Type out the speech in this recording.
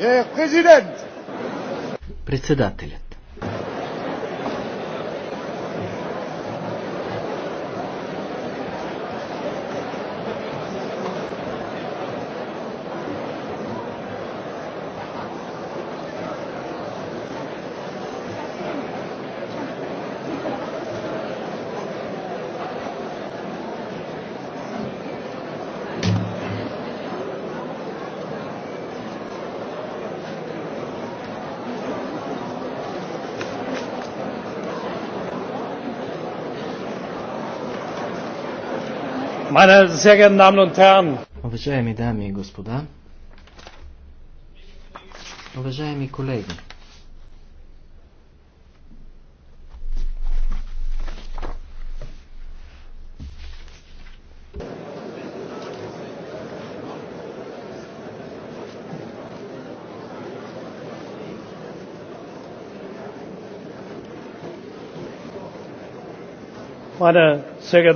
Е, президент! Председателят. Meine sehr geehrten Damen und Herren. Уважаеми дами и господа, уважаеми колеги, Meine sehr geehrten